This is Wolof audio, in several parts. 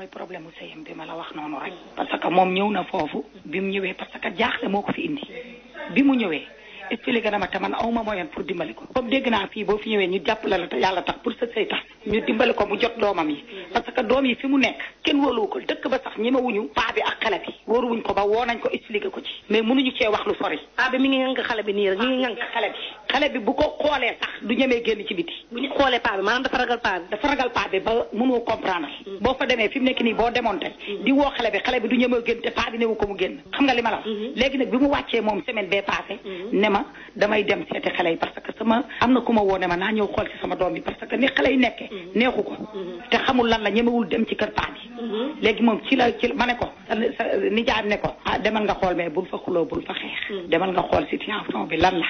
mooy problème mu sëyam bi ma la wax noonu rek. parce que moom ñëw na foofu. bi mu ñëwee parce que jaaxle moo ko fi indi. bi mu ñëwee. expliqué na ma te man aw ma pour dimbali ko comme dégg naa fii boo fi ñëwee ñu jàppale la te yàlla tax pour sa sëy tax ñu dimbali ko mu jot doomam yi parce que doom yi fi mu nekk kenn wóoluwu ko dëkk ba sax ñi paa bi ak xale bi wóoruwuñ ko ba woo nañ ko expliqué ko ci mais mënuñu cee wax lu sori paa bi mi ngi ngank xale bi nii rek mi ngi ngank xale bi xale bi bu ko xoolee sax du ñemee génn ci biti bu ñu xoolee paa bi maanaam dafa ragal damay dem seeti xale yi parce que sama am na ku ma woone ma naa ñëw xool ci sama doom bi parce que ni xale yi nekkee neexu ko te xamul lan la ñemewul dem ci kër paa bi léegi moom ci la ci ma ne ko ni jaam ne ko ah demal nga xool mais bul fa xuloo bul fa xeex demal nga xool situation bi lan la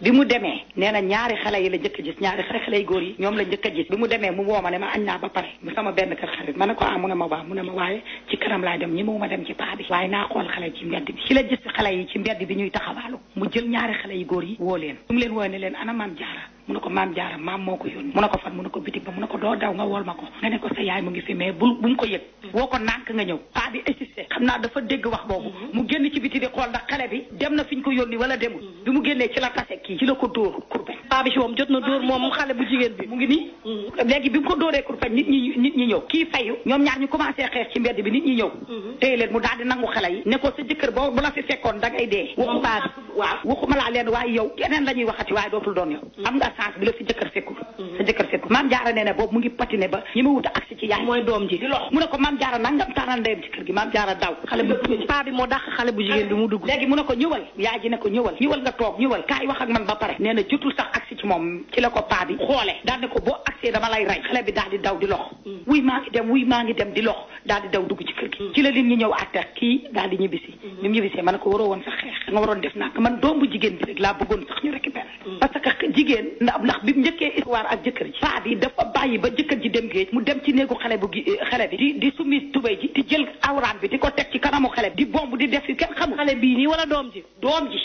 bi mu demee nee na ñaari xale yi la njëkk a gis ñaari xale yi góor yi ñoom la njëkk a gis bi mu demee mu woo ma ne ma añ naa ba pare mu sama benn kër xarit ma ne ko ah mu ne ma waa mu ne ma waaye ci kanam laay dem ñemewuma dem ci paa bi waaye naa xool xale ci mbedd bi ci la gis xale yi ci mbedd bi ñuy taxawaalu mu jël ñaar ñaari xale yu góor yi woo leen mu ngi leen wooye ne leen ana maam jaara mu ne ko maam jaara maam moo mhm. génn mhm. ci la tase kii ci la ko dóor kurpeñ paa jot na dóor moom xale bu jigéen bi mu ngi nii mhm. léegi bi mu ko dóoree kurpeñ nit ñi nit ñi ñëw kii leen mu daal nangu xale yi ne sa jëkkër boo la fi fekkoon da dee waxu paa bi waaw waxuma laa leen waaye yow keneen la ñuy waxati waaye dootul doon yow mm. am nga chance bi la sa jëkkër sekkul mm. sa jëkkër sekkul maam jaara nee na boobu mu ngi patine ba ñi ma wut a ci yaay mooy doom ji di lox mu ne ko maam jaara nangam taaral ndeyam ci kër gi maam jaara daw xale bu paa bi moo dàq xale bu jigéen bi mu dugg léegi mu ne ko ñëwal yaay ji ne ko ñëwal ñëwal nga toog ñëwal kaay wax ak man ba pare nee na jotul sax agsi ci moom ci la ko paa bi xoole daal ne ko boo agsee dama lay mm. maa ngi dem di lox daal di daw dugg ci kër gi ma ne ko waroo woon sax xeex man doom bu jigéen bi rek laa bëggoon sax ñu récupéré mm. parce que jigéen ndax ndax bi mu njëkkee histoire ak jëkkër ji paa bi dafa bàyyi ba jëkkër ji dem géej mu dem ci néegu xale bu eh, xale bi di di sumis tubéy ji di jël awraam bi di ko teg ci kanamu xale bi di bomb di def yi kenn xam xale bii nii wala doom ji doom ji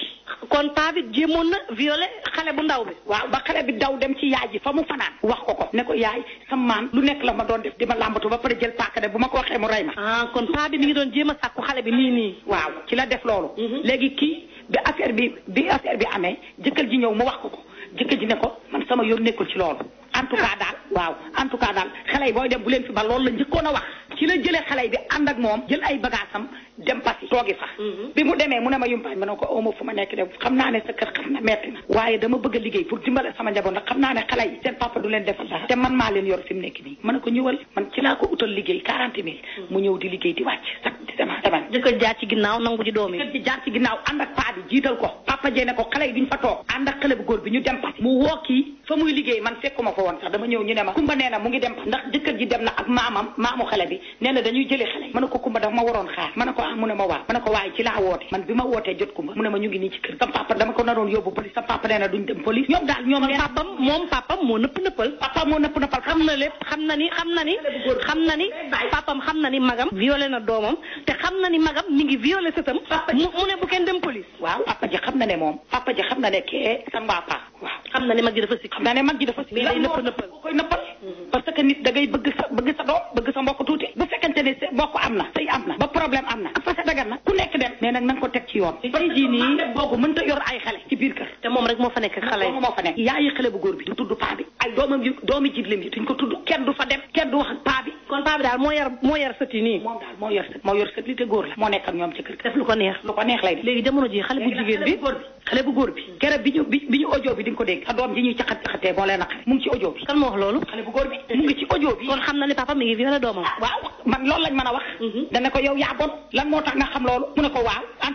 kon paa bi jéemoon na violé xale bu ndaw bi waaw ba xale bi daw dem ci yaay ji fa mu fanaan wax ko ko ne ko yaay sama maam lu nekk la ma doon di ma làmbatu ba pare jël paaka de bu ma ko waxee mu rey ma ah kon paa bi mi ngi doon jéem a sàkku xale bi nii nii waaw ci la def loolu mm-hmm. bi affaire bi bi affaire bi amee jëkkër ji ñëw mu wax ko ko jëkkër ji ne ko man sama yoon nekkul ci loolu en tout cas daal waaw en tout cas daal xale yi booy dem bu leen fi ba loolu la njëkkoon a wax ci la jëlee xale bi ànd ak moom jël ay bagaasam dem pasi toogi fa mhm. bi mu demee mu ne ma yumpaañ ma ne ko oma fu ma nekk de xam naa ne sa kër xaf na metti na waaye dama bëgg a liggéey pour dimbale sama njaboot ndax xam naa ne xale yi seen papa du leen defal dara te man maa leen yor fi mu nekk nii ma ne ko ñëwal man ci liggéey quarante mille mhm. mu ñëw di liggéey di exactement taban jëkkër jaar ci ginnaaw nangu ci doom yi jëkkër ci jaar ci ginnaaw ànd ak paa bi jiital ko papa jee ko xale yi duñ fa toog ànd ak xale bu góor bi ñu dem pati mu woo famuy muy liggéey man fekkuma fa won sax dama ñew ñu ne ma kumba neena mu ngi dem ndax jëkkër ji dem na ak maamam maamu xalé bi neena dañuy jëlé xalé ma ko kumba dama waroon xaar ma ko ah mu ne ma waa ma ko waaye ci la woote man bima ma jot kumba mu ne ma ñu ngi ni ci kër sa papa dama ko naroon yobbu police sa papa neena duñ dem police ñom daal ñoom papam mom papa mo nepp neppal papa mo nepp neppal xam na lépp xam na ni xam na ni xam na ni papam xam na ni magam violé na domam te xam na ni magam mi ngi violé sëtam mu ne bu ken dem police waaw papa ji xam na ne mom papa ji xam na ne kee sa papa waaw xam na ne mag dafa sik daanee mag ji dafa si lan moo tax koy nëppal parce que nit da ngay bëgg sa bëgg sa doom bëgg sa mbokk tuuti bu fekkente ne mbokk am na sëy am na ba problème am na parce que dagan na ku nekk dem mais nag na nga ko teg ci yoon tey jii nii boobu mën ta yor ay xale ci biir kër te moom rek moo fa nekk xale moom moo fa nekk yaayi xale bu góor bi du tudd paa bi ay doomam yu doomi jiblim yi duñ ko tudd kenn du fa dem kenn du wax ak paa bi kon paa bi daal moo yar moo yar sët yi nii moom daal moo yor sët moo yor sët li te góor la moo nekk ak ñoom ci kër def lu ko neex lu ko neex lay def léegi jamono ji xale bu jigéen bi xale bu góor bi garab bi ñu bi ñu audio bi di nga ko dégg sa doom ji ñuy caqat naqatee moo lay naqatee mu ngi ci audio bi kan moo wax loolu xale bu kon xam na ne papa mi ngi violé doomam waaw man loolu lañ mën a wax mm-hmm. dana ko yow yaa lan moo tax nga xam loolu mu ne ko waaw en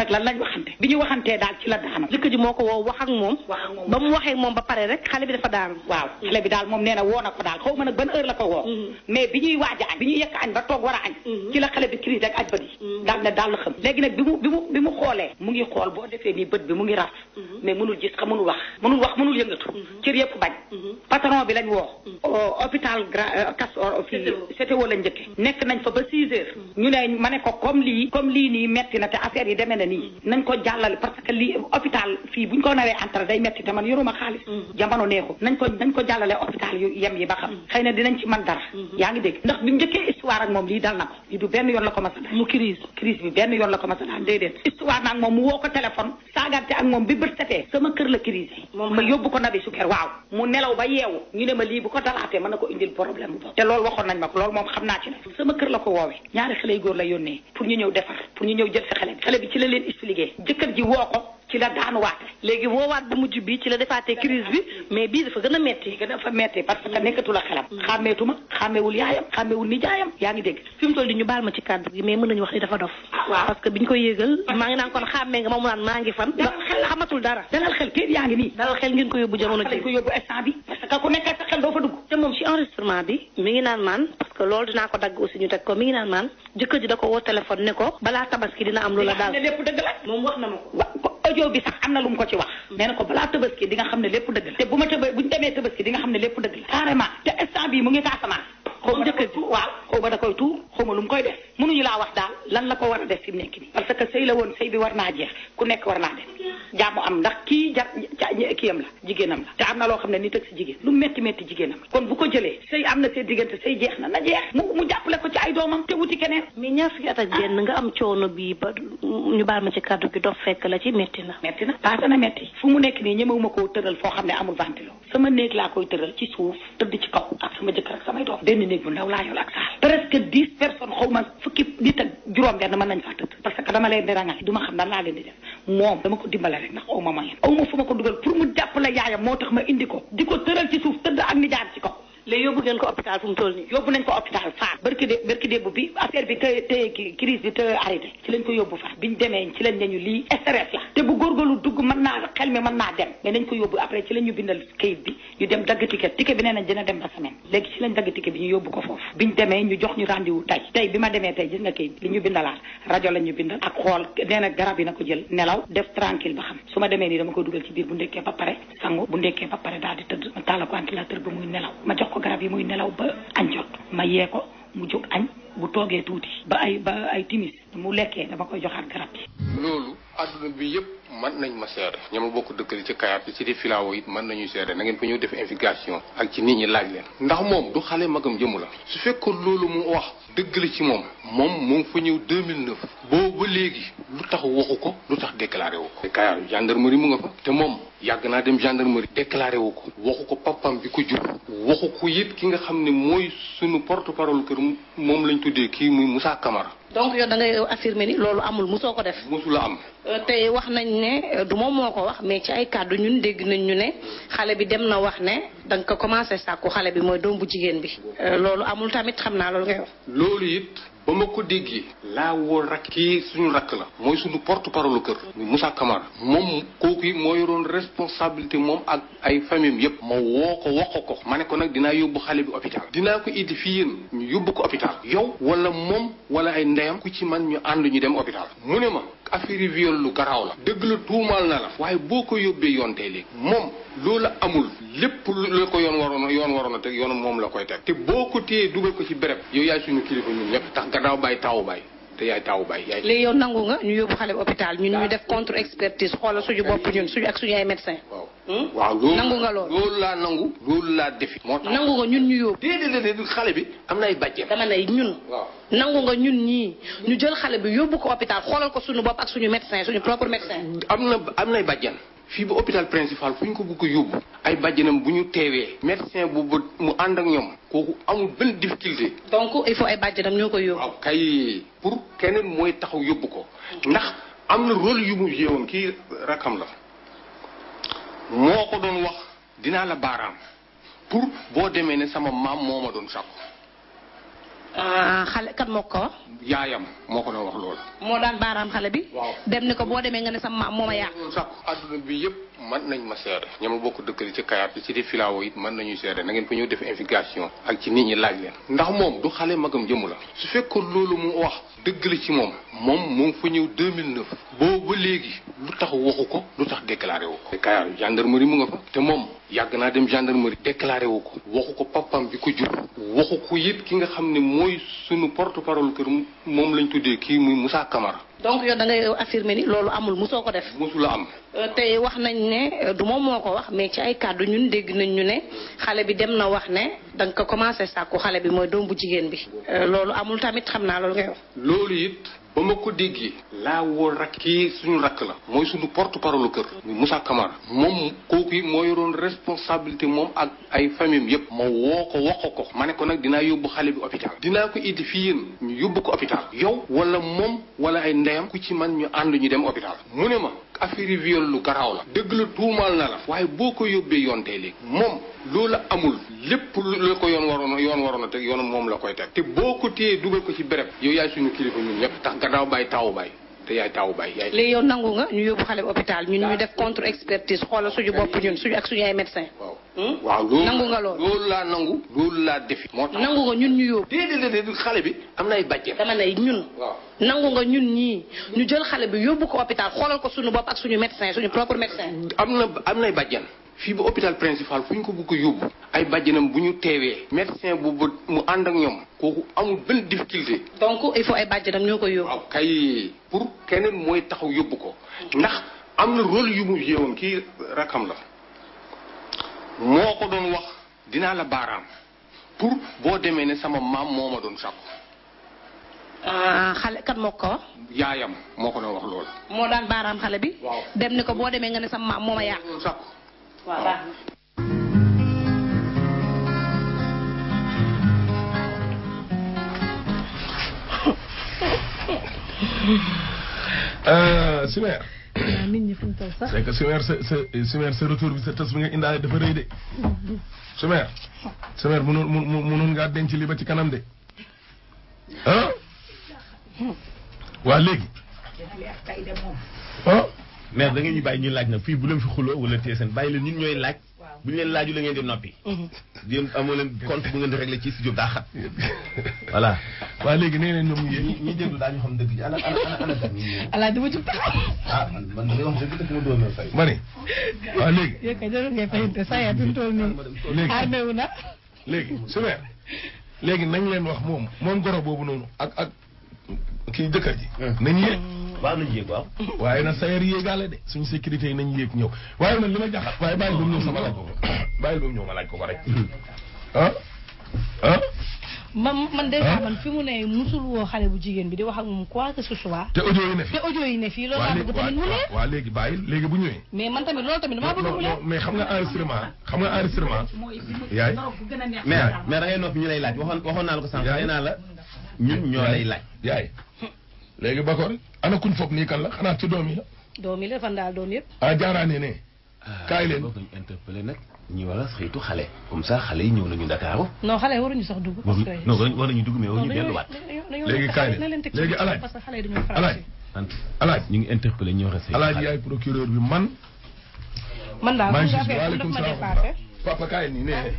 nag lan lañ waxante bi ñu waxantee daal ci la daanu jëkkër ji moo ko woo wax ak moom ba mu waxee moom ba pare rek xale bi dafa daanu waaw xale bi daal moom nee na ko daal xaw nag ban heure la ko woo mm-hmm. mais bi ñuy waaja añ bi ñuy yekk añ ba toog war a añ añ ci la xale bi crise rek aj ba di daal ne daal la xam léegi nag bi mu bi mu bi mu xoolee mu ngi xool boo defee nii bët bi mu ngi raf mais mënul gis xam mënul wax mënul wax mënul yëngatu cër yëpp bañ patron bi lañ woo hôpital grand Castor fii CTO lañ njëkke nekk nañ fa ba six heures ñu ne ma ne ko comme lii comme lii nii metti na te affaire yi demee na nii nañ ko jàllale parce que lii hôpital fii buñ ko nawee entré day metti te man yoruma xaalis jamono neexu nañ ko nañ ko jàllale hôpital yu yem yi ba xam xëy na dinañ ci man dara yaa ngi dégg ndax bi mu njëkkee histoire ak moom lii dal na na du benn yoon la ko mas a mu crise bi benn yoon la ko mas a déedéet histoire naag moom mu woo ko téléphone saagante ak moom bi bët setee sama kër la crise yi ma yóbbu ko nabi sukkër waaw mu nelaw ba yeewu ñu ne ma lii bu ko dalaatee mën na ko indil problème boobu te loolu waxoon nañ ma ko loolu moom xam naa ci ne sama kër la ko woowee ñaari xale yu la yónnee pour ñu ñëw defar pour ñu ñëw jël si xale bi xale bi ci la leen expliqué légui léegi wat bu mujj bi ci la defaté crise bi mais bi dafa gëna metti gëna fa metti parce que nekkatul xalam xelam xàmmeetuma xàmmeewul yaayam xaméwul ni jaayam yaangi dégg fim mu toll di ñu bal ma ci cadre bi mais mën nañu wax ni dafa dof parce que biñ ko yéggal ma ngi nan kon xamé nga mom mu naan maa ngi fan xamatul dara dalal xel kii yaangi ni dalal xel ngeen ko yóbbu jamono ci ko yóbbu instant bi parce que ku nekk sa xel do fa dugg te mom ci enregistrement bi mi ngi nan man parce que lool dina ko dagg aussi ñu tek ko mi ngi nan man jëkke ji da ko wo téléphone ne ko bala tabaski dina am lu la dal lépp dëgg la moom wax na mako audio bi sax amna lu mu ko ci ci wax nee na ko balaa tabaski di nga xam ne lépp dëgg la te bu ma tëb bu ñu demee tabaski di nga xam ne lépp dëgg la carrément te instant bii mu ngi Casamance xaw ma jëkkër ji waaw xaw da koy tuur xaw ma koy def mënuñu laa wax daal lan la ko war a def fi mu nekk nii parce que sëy la woon sëy bi war naa jeex ku nekk war naa dem jàmm am ndax kii jar kiyam la jigéenam te am na loo xam ne nit ak si jigéen lu métti métti jigéenam la kon bu ko jëlee sëy am na seen diggante sëy jeex na na jeex mu mu jàppale ko ci ay doomam te wuti keneen mais ñaar fukki at ak nga am coono bii ba ñu baal ma ci kàddu gi dox fekk la ci métti na métti na passé na métti fu mu nekk nii ñemewuma koo tëral foo xam ne amul ventilo sama néeg laa koy tëral ci suuf tëdd ci kaw néeg bu ndaw laa yor presque dix personnes xaw ma fukki nit ak juróom-benn mën nañ faa tëdd parce que dama leen di rangale du ma xam nan laa leen di def moom dama ko dimbale rek ndax aw ma moyen aw ma ma ko dugal pour mu jàppale yaayam moo tax ma indi ko di ko tëral ci suuf tëdd ak nijaar ci kaw léegi yóbbu ngeen ko hôpital fu mu toll nii yóbbu nañ ko hôpital Fass barki dé barki bi affaire bi te te ki bi te arrêté ci lañ ko yóbbu Fass biñ demee ci lañ neñu lii stress la te bu góorgóorlu dugg mën naa xel mi mën naa dem mais nañ ko yóbbu après ci lañ ñu bindal kayit bi ñu dem dagg ticket ticket bi nee nañ dina dem ba semaine léegi ci lañ dagg ticket bi ñu yóbbu ko foofu biñ demee ñu jox ñu rendez-vous tey bi ma demee tey gis nga kayit li ñu bindalaat rajo lañ ñu bindal ak xool nee yi na ko jël nelaw def tranquille ba xam su ma demee nii dama ko dugal ci biir bu ndekkee ba pare sangu bu ndekkee ba pare daal di tëdd ma tàlla ko garab yi muy nelaw ba añ jot ma yee ko mu jóg añ bu toogee tuuti ba ay ba ay timis mu lekkee dama koy joxaat garab yi loolu adduna bi yëpp man nañ ma seede ñama bokk dëkkali ci kayaat ci di filaawo it mën nañu seede nangeen ngeen fa ñëw def invigation ak ci nit ñi laaj leen ndax moom du xale magam jëmu la su fekkoon loolu mu wax dëgg ci moom moom mu ngi fa ñëw 2009 boobu ba léegi lu tax waxu ko lu tax déclaré wu ko kayaat gendarmerie mu nga fa te moom yàgg naa dem gendarmerie déclaré wu ko waxu ko papam bi ko jur waxu ko it ki nga xam ne mooy sunu porte parole kër moom lañ tuddee kii muy Moussa Camara donc yow da ngay affirmer ni loolu amul mosoo ko def mosula am euh, tey wax nañ ne euh, du moom moo ko wax mais ci ay kàddu ñun dégg nañ ñu ne xale bi dem na wax ne da nga ko commencé sàkku xale bi mooy doom bu jigéen bi euh, loolu amul tamit xam naa loolu ngay wax loolu it ba ma ko déggee laa woo rakk kii suñu rakk la mooy suñu porte parole kër mu Moussa Camara moom kooku moo yoroon responsabilité moom ak ay famille yépp ma woo ko wax ko ma ne ko nag dinaa yóbbu xale bi hôpital dinaa ko indi fii yéen ñu yóbbu ko hôpital yow wala moom wala ay ndeyam ku ci man ñu ànd ñu dem hôpital mu ne ma affaire viol lu garaaw la dëgg la tuumaal na la waaye boo ko yóbbee yoon tey léegi moom loola amul lépp lu ko yoon waroon yoon waroon a teg yoon moom la koy teg te boo ko téyee dugal ko ci béréb yow yaay suñu kilifa ñun ñëpp tax gannaaw bàyyi taawu bàyyi te yaay taawu bàyyi yaay léegi yow nangu nga ñu yóbbu xale hôpital ñun ñu ah. def contre expertise xoolal suñu bopp ñun suñu ak suñu ay médecin waaw hmm? waaw loolu nangu nga loolu loolu laa nangu loolu laa defi moo tax nangu nga ñun ñu yóbbu déedéet déedéet xale bi am na ay bàjjen dama ne ñun waaw nangu nga ñun ñii ñu jël xale bi yóbbu ko hôpital xoolal ko suñu bopp ak suñu médecin suñu propre médecin am na am nay bàjjen fii ba hôpital principal fu ñu ko bëgg yóbbu ay bàjjanam bu ñu teewee médecin bu ba mu ànd ak ñoom kooku amul benn difficulté donc il faut ay bàjjanam ñoo koy yóbbu kay pour keneen mooy taxaw yóbbu ko ndax am na rôle yu mu yéewoon kii rakam la moo ko doon wax dinaa la baaraam pour boo demee ne sama maam moo ma doon sàkku Euh, xale kat moo ko wax. yaayam moo ko doon wax loolu. moo daal baaraam xale bi. dem ni ko boo demee nga ne sama maam moo ma yàq. adduna bi yëpp. mën nañ ma seere ña bokk dëkkali ci kayaat ci di filaawo it mën nañu seere na ngeen fa ñëw def investigation ak ci nit ñi laaj leen ndax moom du xale magam jëmu la su fekkoon loolu mu wax dëgg la ci moom moom mu ngi fa ñëw 2009 boobu ba léegi lu tax waxu ko lu tax déclaré wu ko kayaar gendarmerie mu nga fa te moom yàgg naa dem gendarmerie déclaré wu ko waxu ko papam bi ko jur waxu ko it ki nga xam ne mooy sunu porte parole kër moom lañ tuddee kii muy Moussa Camara donc yow da ngay affirmer ni loolu amul musoo ko def. musula am. Euh, tey wax nañ ne euh, du moom moo ko wax mais ci ay kàddu ñun dégg nañ ñu ne xale bi dem na wax ne da nga ko commencé sàkku xale bi mooy doom bu jigéen bi. Euh, loolu amul tamit xam naa loolu ngay wax. loolu it. ba ma ko déggee laa woo rakk kii suñu rakk la mooy suñu porte parole kër Moussa Camara moom kooku moo yoroon responsabilité moom ak ay famille yëpp ma woo ko wax ko ma ne ko nag dinaa yóbbu xale bi hôpital dinaa ko iddi fii yéen ñu yóbbu ko hôpital yow wala moom wala ay ndeyam ku ci man ñu ànd ñu dem hôpital mu ne ma affaire viol lu garaaw la dëgg la tuumaal na la waaye boo ko yóbbee yoon tey léegi moom loola amul lépp lu ko yoon waroon yoon waroon a teg yoonu moom la koy teg te boo ko téyee dugal ko ci béréb yow yaay suñu kilifa ñun ñëpp tax gannaaw bàyyi taawu bàyyi te yaay taawu baay yaay. léegi yow nangu nga ñu yóbbu xale bi hôpital ñun ñu def contre expertise xoolal suñu bopp ñun suñu ak suñu ay médecin waaw hmm? nangu nga loolu. laa nangu loolu laa defi. moo tax nangu nga ñun ñu yóbbu. déedéet déedéet xale bi am na ay bàjjen. dama ne ñun. nangu nga ñun ñii ñu jël xale bi yóbbu ko hôpital xoolal ko suñu bopp ak suñu médecin suñu propre médecin. am na am nay bàjjen. fi bu hôpital principal fuñ ko bëgg yobbu ay bàjjanam bu ñu médecin bu mu and ak ñom koku amul ben difficulté donc il faut ay bàjjanam ñoko yobbu waaw kay pour kenen moy taxaw yobbu ko ndax amna rôle yu mu yewon ki rakam la moko doon wax dina la baram pour bo démé né sama mam moma doon sax ah, xale kan moko moko don yaayam moko do wax lool mo daan baram xale bi dem ni ko bo démé nga ne sama mam moma Voilà. Eh, si meer. nit ñi fu mu taw que si meer sa sa si meer sa retour bi sa tas bi nga indaale dafa rëy de. si meer. si mais da ngeen ñu bàyyi ñu laaj nag fii bu leen fi xuloo wala téye seen bàyyi leen ñun ñooy laaj. bu ñu leen laaju la ngeen di noppi. yéen mhm. amoo leen compte bu ngeen di réglé ci studio daa xat. voilà waaye léegi nee nañ ñoom ñi ñi déglu ah, man da ngay nii. léegi léegi su weer léegi nañ leen wax moom moom goro boobu noonu ak ak kii jëkkër ji. Hmm. nañ yéen. baax na yéeg waaw. waaye nag sa yar yéegaale de suñu sécurité yi nañ yéeg ñëw waaye man li ma jaaxal waaye bàyyi ba mu ñëw sama laaj ko ko bàyyi ba ñëw ma laaj ko ko rek ah ah. man man déjà ah? man fi mu ne musul woo xale bu jigéen bi di wax ak moom quoi que ce soit. te audio yi ne fii te audio yi ne fii loolu laa bëgg ne. waaw léegi bàyyi léegi bu ñëwee. mais man tamit loolu tamit damaa bëgg mu ne. mais xam nga enregistrement xam nga yaay mais mais da ngay noppi ñu lay laaj waxoon waxoon naa la ko sànq. yaay nee naa la ñun ñoo lay laaj. yaay léegi ana kuñ foog nii kan la xanaa ci doom yi la. doom yi la fan daal doom yëpp. ah jaaraane ne. kaay leen boobu ñu interpellé nag. ñu war a saytu xale. comme ça xale yi ñëw nañu Dakar. non xale waruñu sax dugg. parce que non war nañu dugg mais waruñu delluwaat. léegi kaay leen léegi alaaj alaaj alaaj ñu ngi interpellé ñu war a saytu alaaj yaay procureur bi man. man daal man jàppee waaleykum salaam papa kaay nii nee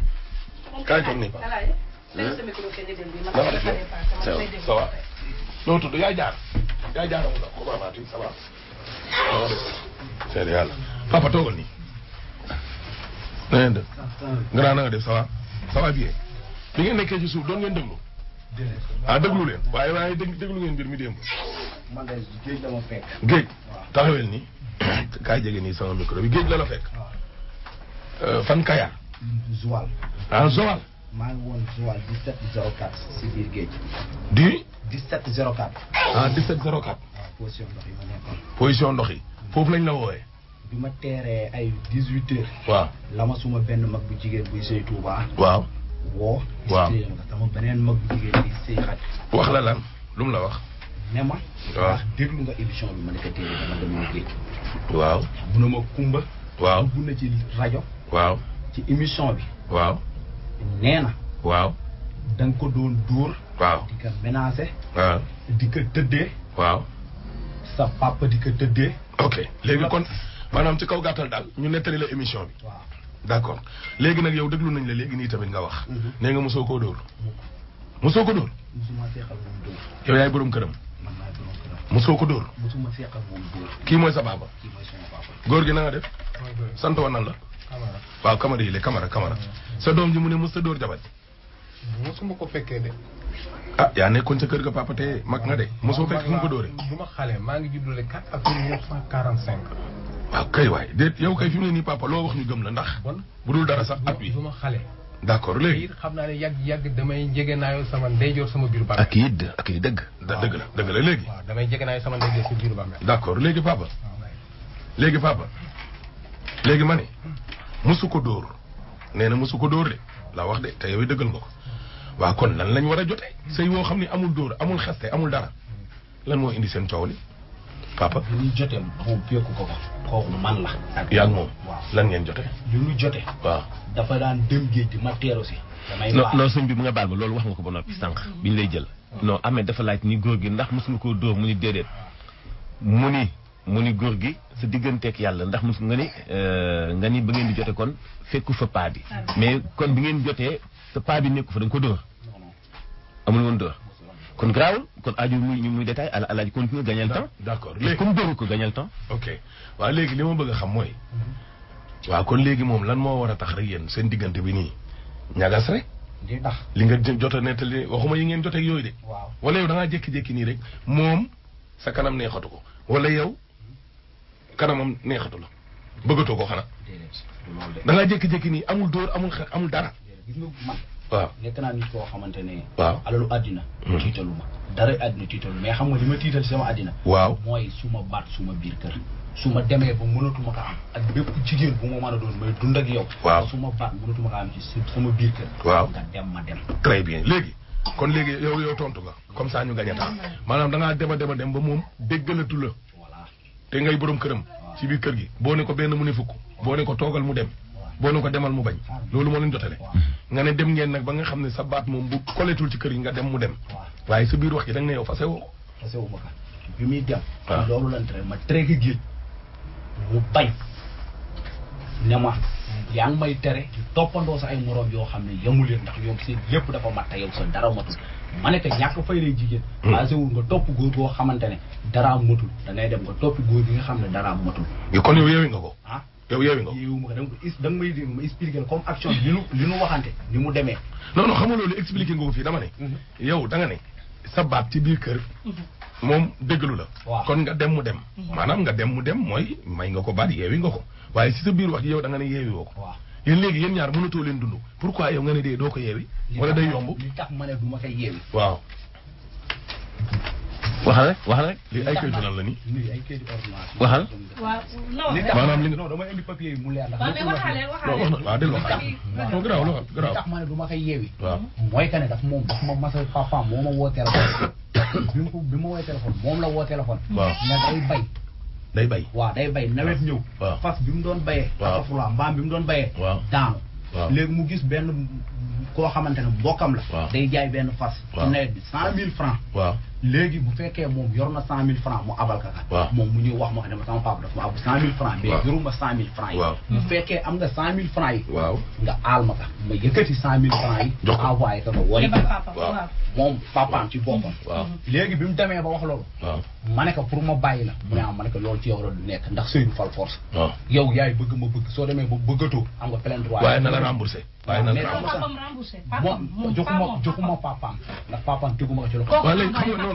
kaay toog nii. noo tudd yaa jaar. yaay jaara mu ko baax tuuti ça va. yàlla papa toogal nii. na ngeen def. def ça va ça va bi ngeen nekkee ci suuf doon ngeen déglu. ah déglu leen waaye waaye déglu ngeen mbir mi démb. man géej la ma fekk. géej nii. kaay jege nii sama micro géej la la fekk. Euh, fan Kayar. Joal. ah maa ngi woon Joal 1704 si biir géej. di di ah 1704. waaw position ndox yi ma nekkoon. position ndox yi foofu lañ la wooyee. bi ma teeree ay 18 heures. waaw la ma suma benn mag bu jigéen buy sëy Touba. waaw woo. waaw sama beneen mag bu jigéen bi sëy xat. wax la lan lu la wax. ne ma. waaw ndax émission bi ma ne ko waaw. bu na ma kumba. waaw dugg na ci rajo. waaw ci émission bi. waaw. nee na. waaw da ko doon dóor. waaw di ko menacé. waaw di ko tëddee. waaw sa papa di ko tëddee. ok léegi kon maanaam si kaw gàttal daal ñu nettali la émission bi. waaw d' accord léegi nag yow déglu nañ la léegi nii tamit nga wax. Mhm. nee nga mosoo koo dóor. ko dóor. mosuma borom këram. man maay borom mosoo ko dóor. mosuma seexal moom kii mooy sa papa. góor gi na nga def. sant woon la. waaw kamara yi la kamara kamara sa doom ji mu ne mos sa dóor jabar mosuma ko fekkee de. ah yaa nekkoon sa kër ga papa te mag nga de mosoo fekk fu mu ko dóoree. bu ma xale maa ngi juddule 4 avril 1945. waaw kay waay déet yow kay fi mu ne nii papa loo wax ñu gëm la ndax. bu dul dara sax at wi bu ma xale. d' accord léegi xam naa ne yàgg yàgg damay njege naayoo sama ndeyjoor sama biir bàmmeel. ak yii ak yii dëgg. dëgg la dëgg la léegi. waaw damay njege sama ndeyjoor sama biir bàmmeel. d' accord léegi papa. léegi papa léegi ma ne mësu ko dóor nee na mësu ko dóor de laa wax de te yow dëggal nga ko waa kon lan lañ war a jotee sëy woo xam ne amul dóor amul xaste amul dara lan moo indi seen coow li papa. li ñu jotee moom peeku ko man la. yaa ngi moom lan ngeen jotee. li ñu jotee. waaw dafa daan dem géej di ma teeru si. damay non non sëñ bi mu nga baal ma loolu wax nga ko ba noppi sànq mm-hmm. bi ñu lay jël. noo amee dafa laaj ni góor gi ndax mësu koo dóor mu ni déedéet mu ni. muni gor gi sa ak yalla ndax mus nga ni euh, nga ni ba ngeen di jote kon fekku fa pa bi ah, mais kon bi ngeen jotee sa pa bi nekku fa dang ko door amul won door kon graawul kon aaju muy ñu muy détail ala di continue gagnal temps d'accord mais comme dóoru ko gagnal temps ok Wa légui li bëgg xam moy wa kon légui mom lan mo wara tax rek yeen seen digeunte bi ni ñagas rek di tax li nga netali waxuma yi ngeen ak yoy de wala yow da nga jekki jekki ni rek mom sa kanam neexatu ko wala yow kanamam neexatu la bëggatoo ko xanaa. da ngaa jékki-jékki nii amul dóor amul xel amul dara. waaw nekk naa nit koo xamante ne. waaw alalu àddina. Hmm. tiitalu ma dara àddina tiitalu mais xam nga li ma tiital si sama àddina. mooy su ma baat su ma biir kër. su ma demee ba mënatuma ko am ak bépp jigéen bu ma mën a doon may dund ak yow. waaw su ma baat mënatuma ko am ci sama biir kër. waaw nga dem ma dem. très léegi. kon léegi yow yow tontu nga comme ça ñu gañ a maanaam da ngaa dem a dem a dem ba moom déggalatu la. te ngay boroom këram ci biir kër gi boo ne ko benn mu ne fukk boo ne ko toogal mu dem boo ne ko demal mu bañ loolu ma leen jotale nga ne dem ngeen nag ba nga xam ne sa baat moom bu koletul ci kër gi nga dem mu dem waaye sa biir wax ji da nga ne yow fase woo fase wu ma bi muy dem loolu lan tere ma tere gi géej mu bañ yaa ngi may tere toppandoo sa ay moroom yoo xam ne yamu leen ndax yow seen lépp dafa mat te yow sa dara matul ma ne ñàkk fay lay jigéen hmm. basewul nga topp góor goo xamante ne dara motul danay dem nga topp góor bi nga xam ne dara motul kon yow yeewi nga ko ah yow yeewi nga ko yeewu ma ko danga may dégg ma expliqué la comme action nu li nu waxante ni mu demee non xam nga loolu expliqué nga fii dama ne hmm. yow da ne sa baat ci biir kër hmm. moom déglu la kon nga dem mu dem maanaam nga dem mu dem mooy may nga ko baat yeewi nga ko waaye si sa biir wax yow da nga ne yeewi woo ko yeen legi yeen ñaar mënu to leen dund pourquoi yow nga ne dee do ko yeewi wala day yomb li tax mané du ma kay yeewi waaw waxal rek waxal rek li ay kayitu lan la ni ay kayitu ordonnance waxal maanaam li non dama indi papier yi mu leer la mais waxal waxal waaw del waxal non graw lo graw tax mané du ma kay yewi moy kané daf mom daf ma sa papa moma wo téléphone bimu mu bi mu wo téléphone mom la wo téléphone nga day bay day bay waaw day bay nawet ñëw. waaw fas bi mu doon bayee. waaw ak mbaam bi mu doon bayee. waaw daanu. léegi mu gis benn koo xamante ne bokkam la. day jaay benn fas. ci nawet bi cent mille francs. léegi bu fekkee moom yor na cent mille franc mu abal ka ka moom mu ñuy wax ma ne ma sama papa dafa ma abu cent mille franc mais yoruma cent mille franc yi bu fekkee am nga cent mille franc yi waaw nga aal ma ka ma yëkkati cent mille franc yi envoyé ka ma wari moom papaam ci boppam léegi bi mu demee ba wax loolu ma ne ko pour ma bàyyi la mu ne am hmm. ah, ma ne ko loolu ci yow la du nekk ndax sëy du fal force yow yaay bëgg ma bëgg soo demee ba bëggatoo am nga plein droit waaye na la remboursé waaye na la remboursé moom joxuma joxuma papaam ndax papaam teguma ko ci loxo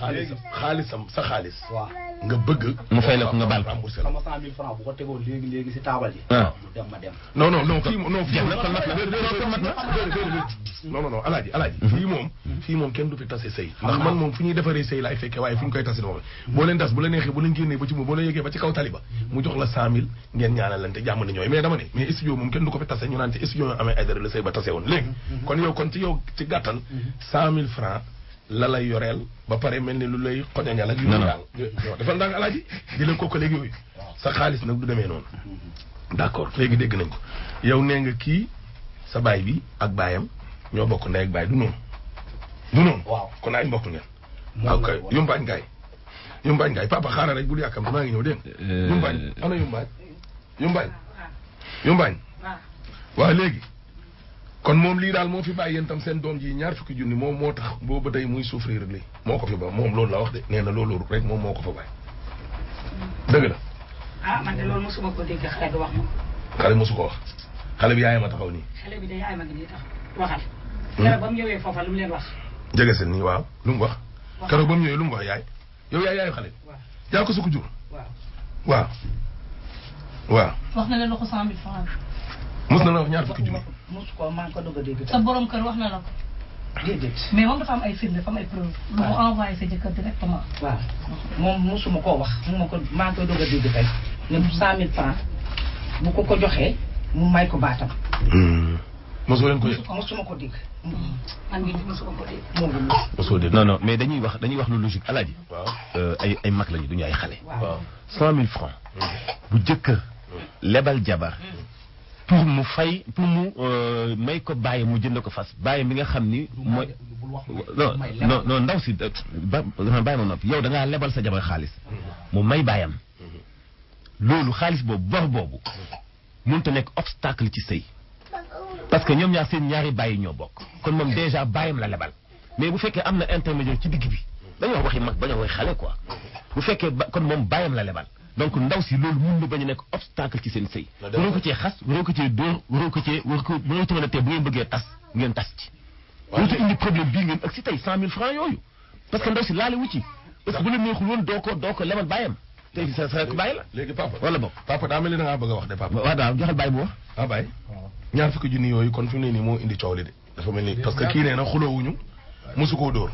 xaalisam xaalisam sa xaalis. waaw nga bëgg. mu fay la ko nga baal ko. xam nga cent moom kenn du fi tase sëy. man moom fu ñuy defaree sëy laay fekkee waaye fu ñu koy tase moom mhm. boo leen tas bu la neexee bu leen génnee ba ci moom boo la yëgee ba ci kaw taliba mhm. mu jox la cent mille ngeen ñaanalante jàmm ni ñooy mais dama ne mais studio moom kenn du ko fi tase ñu naan te studio amee ay la sëy ba tase woon léegi mhm. kon yow kon ci yow ci gàttal cent francs la lay yorel ba pare melni lu lay xoñañal ak yu dal ndang alaji di la kokko legi yoy sa xaliss nak du demé non d'accord legi deg nañ ko yow ne nga ki sa bay bi ak bayam ño bokk nday ak bay du non du non waaw kon ay mbokk ngeen waaw yum bañ gay yum bañ gay papa xara rek bul yakam ma ngi ñew den euh, yum bañ ana yum bañ yum bañ ah. yum bañ ah. wa legi kon moom lii daal moo fi bàyyi yéen tam seen doom ji ñaar fukki junni moom moo tax booba tey muy souffrir lii moo ko fi ba wax de rek moom moo ko fa bàyyi dëgg la. ah man de loolu mosuma ko dégg wax moom. xale mosu ma taxaw nii. xale bi de yaay ma ngi hmm? mu ñëwee wax. jege seen nii waaw lu mu wax. wax keroog ba mu ñëwee lu mu wax yaay yow yaay yaayu xale bi. waaw yaa ko su jur. waaw waaw. waaw. wax na leen loxo na la wax ñaar fukki junni. mosu ko maa ngi ko doog a dégg. sa borom kër wax na la ko. déedéet. mais moom dafa am ay firnde dafa am ay preuve. lu mu envoyé sa jëkkër directement. waaw moom koo wax. mu ma ko maa ngi koy doog a dégg tey. ne ko ko joxee mu may ko baatam. Hmm. mosoo leen ko dégg mosuma ko dégg. Hmm. man mii ko dégg. moom la mosoo mais dañuy wax dañuy wax lu logique alaaji. waaw euh, ay ay mag lañu duñu ay xale. waaw cent mille francs. Hmm. bu jëkkër lebal jabar. pour mu fay pour mu euh, may ko baye mu jënd ko fas baye mi nga xamni non non ndaw si ba yow da nga lebal sa jabar xaliss mm-hmm. mu may bayam mm-hmm. lolu xaliss bobu bor bobu nous ta obstacle ci mm-hmm. parce que ñom ñaar seen ñaari baye ño bok kon mom déjà la lebal mais bu intermédiaire ci digg bi waxi mag quoi bu kon donc ndaw si loolu mun na bañ a nekk obstacle ci seen sëy waroo ko cee xas waroo ko cee dóor waroo ko cee war ko waroo tamit a tee bu ngeen bëggee tas ngeen tas ci warut a indi problème bii ngeen ak si tey cent mille francs yooyu parce que ndaw si laale wu ci parce que bu la neexul woon doo ko doo ko lebal bàyyam tey sa sa ko bàyyi la léegi papa wala boog papa daa mel ni da ngaa bëgg a wax de papa waaw daa joxal bàyyi bu wax ah, waaw bàyyi ñaar fukki junni yooyu kon fi mu ne nii moo indi coow li de dafa mel ni parce que kii nee na xulóowuñu mosu koo dóor.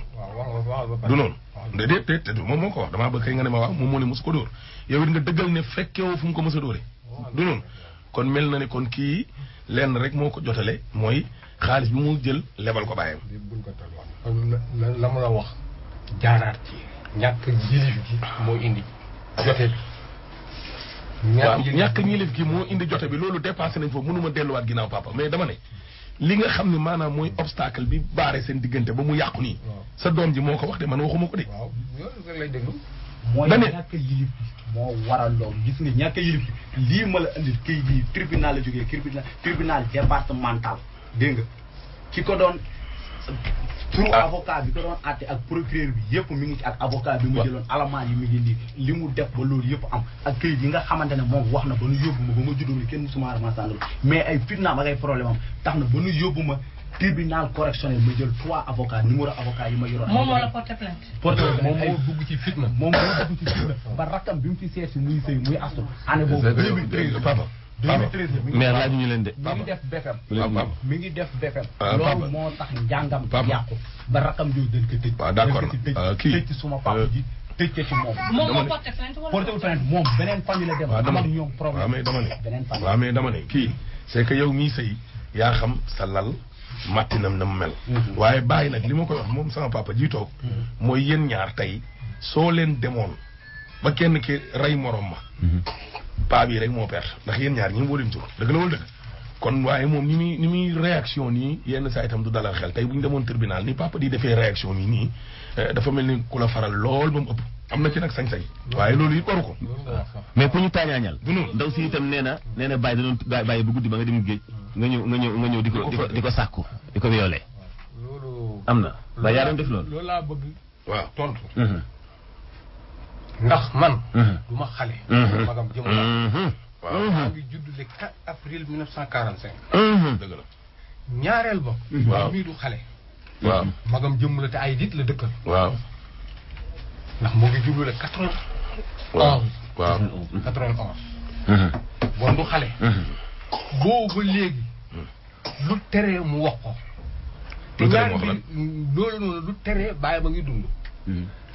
du noonu. déedéet déet du moom moo ko wax damaa bëgg kay nga ne ma waaw moom moo ne mosu ko dóor yow it nga dëggal ne fekkeewoo fu mu ko mos a du noonu kon mel na ne kon kii lenn rek moo ko jotale mooy xaalis bi mu jël lebal ko bàyyam. la mu la wax jaaraat ci ñàkk yilif gi moo indi jote bi. ñàkk ñàkk yilif gi moo indi jote bi loolu dépassé nañ foofu mënuma delluwaat ginnaaw papa mais dama ne. li nga xam ne maanaam mooy obstacle bi baare seen diggante ba mu yàqu nii. sa doom ji moo ko wax de man waxuma ko de. waaw loolu lay déglu. mooy ñàkk yilif moo waral loolu gis nga ñàkk yilif lii ma la andil këy tribunal la jógee tribunal tribunal départemental dégg nga ki ko doon. pour ah. avocat bi ko doon àtte ak procureur bi yëpp mi ngi ci ak avocat bi ma jëloon alamaan yi mi ngi li mu def ba loolu yëpp am ak këyit yi nga xamante ne moom wax na ba nu yóbbu ma ba ma juddoo ni kenn musuma arama sàngal mais ay fitnaam ak ay problème am tax na ba nu yóbbu ma tribunal correctionnel ma jël trois avocats numéro avocat yi ma yoroon. moom moo la porté plainte. porté plainte moom moo dugg ci fitna. moom moo dugg ci fitna ba rakkam 2013 mi ngi laaj ñu leen de mi ngi def bekam mi ngi def bekam ah, loolu moo tax njàngam yàqu ba rakam jooju dañ ko tëj waaw ah, d'accord ah, kii tëj suma papa euh. ji tëj ko ci moom moom moo porté plainte wala porté plainte moom beneen famille la dem am ak ñoom problème waaw dama ne beneen famille waaw mais dama ne kii c'est que yow mii sëy yaa xam sa lal mattinam na mel mhm. waaye bàyyi nag li ma wax moom sama papa ji toog mhm. mooy yéen ñaar tey soo leen demoon ba kenn ki rey morom ma mhm pa bi rek mo perte ndax yeen ñaar ñi mo leen jur deug la wol deug kon waye mom ni mi ni mi réaction ni yeen sa itam du dalal xel tay buñu demone tribunal ni papa di defé réaction ni ni eh, dafa melni ni ku la faral lool bu mu upp amna ci nak sañ-sañ waye loolu yi waru ko mais ku ñu taañaañal ndaw si itam nee na bay da bu guddi ba nga dem geej nga ñew nga ñew nga ñew di diko di diko di ko amna di ba yaaram def loolu loolu la bëgg waaw tontu mhm. ndax man. Mm-hmm. du ma xale. Mm-hmm. magam jëmm la. Mm-hmm. waaw maa ngi judd le 4 avril 1945. dëgg la ñaareel ba. waaw mii du xale. waaw magam jëmm la te ay dit la dëkkal. waaw ndax moo ngi judd le 91. waaw waaw 91. bon du xale. boobu ba léegi. lu teree mu wax ko. lu teree mu wax la te ñaari bi loolu noonu lu teree bàyyi ma ngi dund.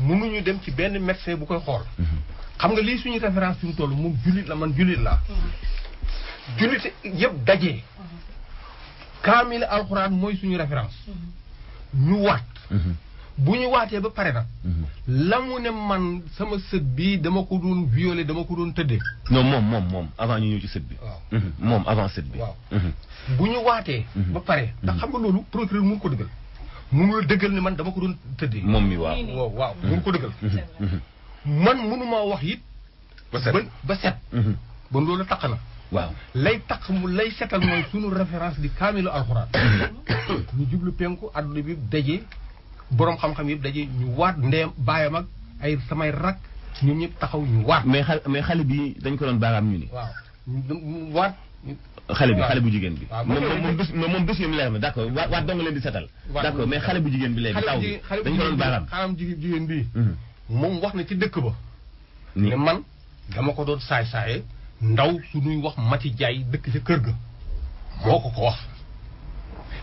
ñu dem ci benn médecin bu koy xool. Mhm. xam nga lii suñu référence fi mu toll moom jullit la man jullit la mhm. jullit yëpp daje. Mhm. kaamil alxuraan mooy suñu référence. ñu waat. bu ñu waatee ba pare nag. la mu ne man sama sët bi dama ko doon violé dama ko doon tëdde non moom moom moom avant ñu ñëw ci sët bi. moom avant sët bi. waaw bu ñu waatee. ba pare ndax xam nga loolu lu mun ko dëggal. mënul dëggal ni man dama ko doon tëddee. moom mi waaw waaw waaw mënu ko dëggal. man mënumaa wax it. ba set ba set. Mhm. ba loolu taq na. waaw lay taq mu lay setal mooy sunu référence di kaamilu alxuraan. Mhm. ñu jublu penku àdduna bi daje borom xam-xam yëpp daje ñu waat ndeyam baayam ak ay samay rak ñun ñëpp taxaw ñu waat. mais xale mais xale bi dañ ko doon baaraam ñu ni. waaw xale bi xale bu jigéen bi. waaw moom moom bés mi leer na d' accord waa waa dong leen di setal. d' mais xale bu jigéen bi léegi taw bi dañu ko doon baaraam. xale bu jigéen bi mhm. moom wax na ci dëkk ba. ne man dama ko doon saay saaye ndaw su ñuy wax Mati Jaay dëkk ca kër ga. boo ko ko wax.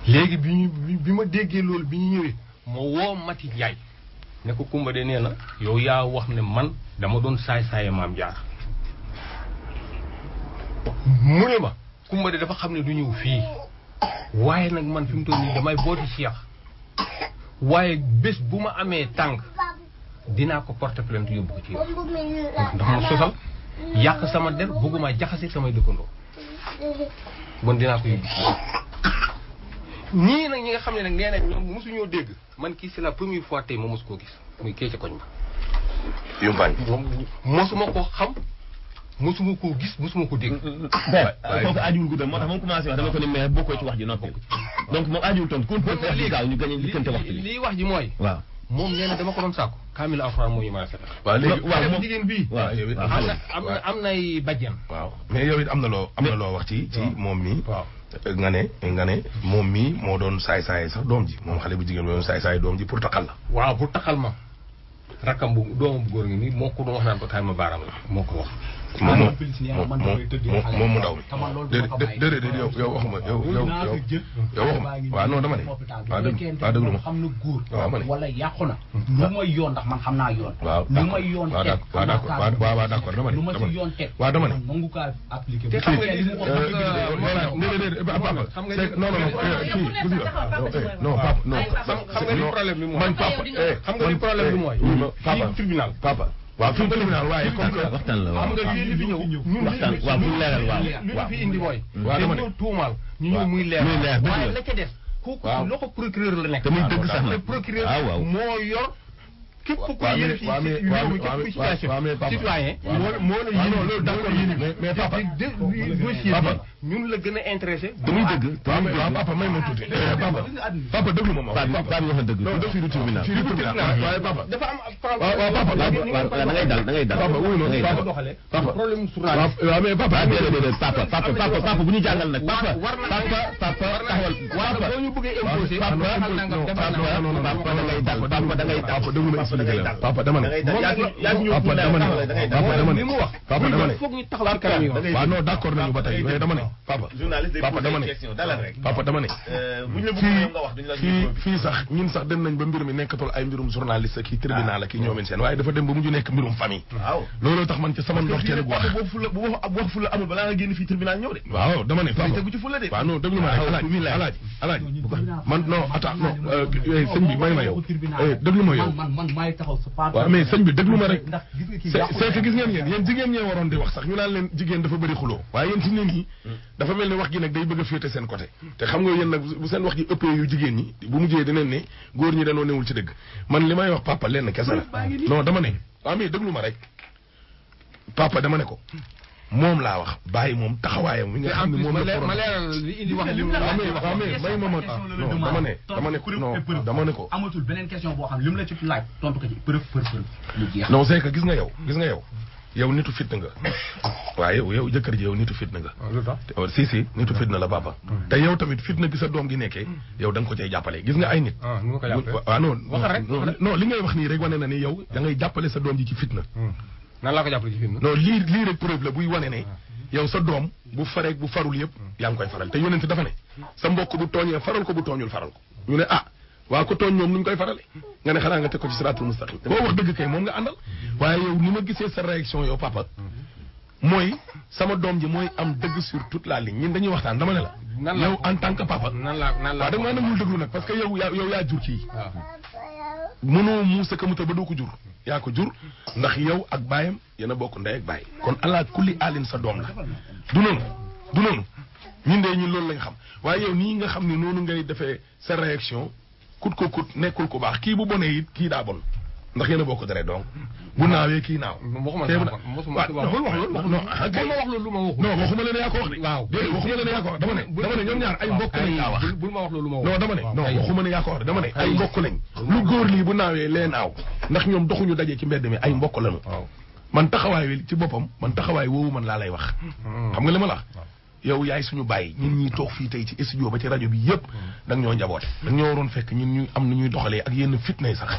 léegi bi bi ma déggee loolu bi ñu ñëwee ma woo Mati Jaay ne ko Kumba de nee na yow yaa wax ne man dama doon saay saaye maam jaar. mune ma kumba de dafa xam du ñew fi waye nak man fim mu toll nii damay booti cheikh waaye bés bu ma amee tànk dinaa ko porte plainte yóbbu ko ci yow ndax mo sosal yak sama der buguma jaxasi sama dëkkandoo bon dina ko yobbu ni nak ñi nga xam nak neena ñom musu ñoo deg man kisela c'est la première fois tay mo mos ko gis muy kee koñ ba mosuma ko xam mosuma ko gis suma ko dégg. waaw ah, waaw kooku aajuwul guddam a tax moom commencé wax dama ko ni mais bokkoo ci wax ji noppi. donc moom a tontu. kon kon léegi ñu gën a wax ji mooy. waaw moo a fexe. waaw léegi waaw moom jigéen bii. waaw yow it am na am na am waaw mais yow am na loo loo wax ci moom mii. waaw. nga ne nga ne moom mii moo doon saay saay sax doom ji moom xale bu jigéen moo doon saay saay doom ji pour taxal la. waaw taxal ma rakkam bu doomam góor ngi nii moo ko doon wax naan ko kaay ma baaraam la moo ko wax moom moom moom mu ndaw bi déedéet déedéet yow yow waxuma yow yow yow waxuma waaw non dama ne waaw déglu waaw déglu ma xam na góor waaw ma ne wala yàqu na lu yoon dax man xam naa yoon waaw lu may yoon teg waaw d'accord waaw waaw d'accord dama ne lu ma si yoon teg waaw dama ne nangu kaa appliqué te xam nga li mu wax déedéet papa non non kii gis nga non papa non xam nga li problème bi mooy man papa xam waaw fi mu toll nii waaye comme que waxtaan la waaw xam nga li fi ñëw. waxtaan waaw bu leeral waaw waaw li fi indi mooy. waaw dama ne tuumaal ñu ñëw muy leer. muy leer waaye la ca des. ku loxo procureur la nekk. te muy dëgg sax nag procureur moo yor. képp ku yéen ci ci situation citoyen moo moo la yéen mais mais papa dossier bi ñun la gën a intéressé. damay dëgg damay dëgg papa may ma tuuti. papa papa déglu da ngay dal da ngay dal. papa wuyu ma da ngay dal papa da ngay non papa papa dama ne papa euh, sax ñun sax dem nañ ba mbir mi nekkatul ay mbirum journaliste kii tribunal ak kii ñoomin seen waaye dafa dem ba mujj nekk mbirum famille. looloo tax man ca sama ndorteel ak wax. bu wax fu la amul balaa nga génn fii tribunal ñëw de. waaw papa waaw rek alaaj man non attends non euh, eh, sëñ bi may ma yow. Eh, déglu ma yow waaw mais sëñ bi déglu rek. c'est que gis ngeen yéen yéen jigéen ñee waroon di wax sax dafa mel ni wax gi nag day bëgg a féete seen côté te xam nga yéen nag bu seen wax ji ëppee yu jigéen ñi bu mujjee dinañ ni góor ñi dañoo newul ci dëgg man li may wax papa lenn kese la non dama ne waa mais déglu ma rek papa dama ne ko moom laa wax bàyyi moom taxawaayam wi nga xam ne moom la borom ma leeral li wax li mu la wax may ma ma non ne dama ne dama ne ko amatul beneen question boo xam li la ci laaj tontu ko gis nga yow gis nga yow yow nitu fitna nga waaye yow yow jëkkër ji yow nitu fitna nga ah, oh, si si nitu fitna la papa te yow tamit fitna gi sa doom gi nekkee yow da ko cay jàppale gis nga ay nit ah, waaw non non li ngay wax nii rek wane na ni yow da ngay jàppale sa doom ji ci fitna hmm. nan laa ko jàppale ci fitna lii lii rek preuve buy wane ne ah. yow sa doom bu fareeg bu farul yëpp yaa ngi koy faral te yonent dafa ne sa mbokk bu tooñee faral ko bu tooñul faral ko ñu ah wa ko tooñ moom nuñ koy faralé nga ne xala nga teg ko ci siratul mustaqim bo wax dëgg kay mom nga andal waye yow ni ma sa réaction yow papa moy sama dom ji moy am dëgg sur toute la ligne ñin dañuy waxtaan dama ne la yow en tant que papa nan la nan la dama na mu maa nangul déglu parce que yow yow ya jur kii mënoo muusa ka muta ba do ko jur ya ko jur ndax yow ak bayam yena bokk ak bay kon ala kulli alin sa dom la du non du non ñun de ñun loolu lañ xam waye yow ni nga xam ni nonu ngay défé sa réaction kut ko kut nekkul ku baax kii bu bonee it kii daa bon ndax yéen a bokk dara donc bu naawee kii naaw. waxuma la waxuma la waxuma la waxuma la ne yaa ko wax de. waaw déedéet waxuma la ne yaa ko wax dama ne. dama ne ñoom ñaar ay mbokk lañ laa wax. bul ma wax loolu ma wax non dama ne. non waxuma ne yaa ko wax de dama ne ay mbokk lañ. lu góor lii bu naawee lee naaw ndax ñoom doxuñu daje ci mbedd mi ay mbokk lañu. man taxawaay wi ci boppam man taxawaay woowu man laa lay wax. Hmm. xam nga li ma la wax yow yaay suñu bàyyi ñun ñuy toog fii tey ci studio ba ci rajo bi yëpp da mm. ñoo njaboote da ñoo waroon fekk ñun ñuy am nu ñuy doxalee ak yenn fitna yi sax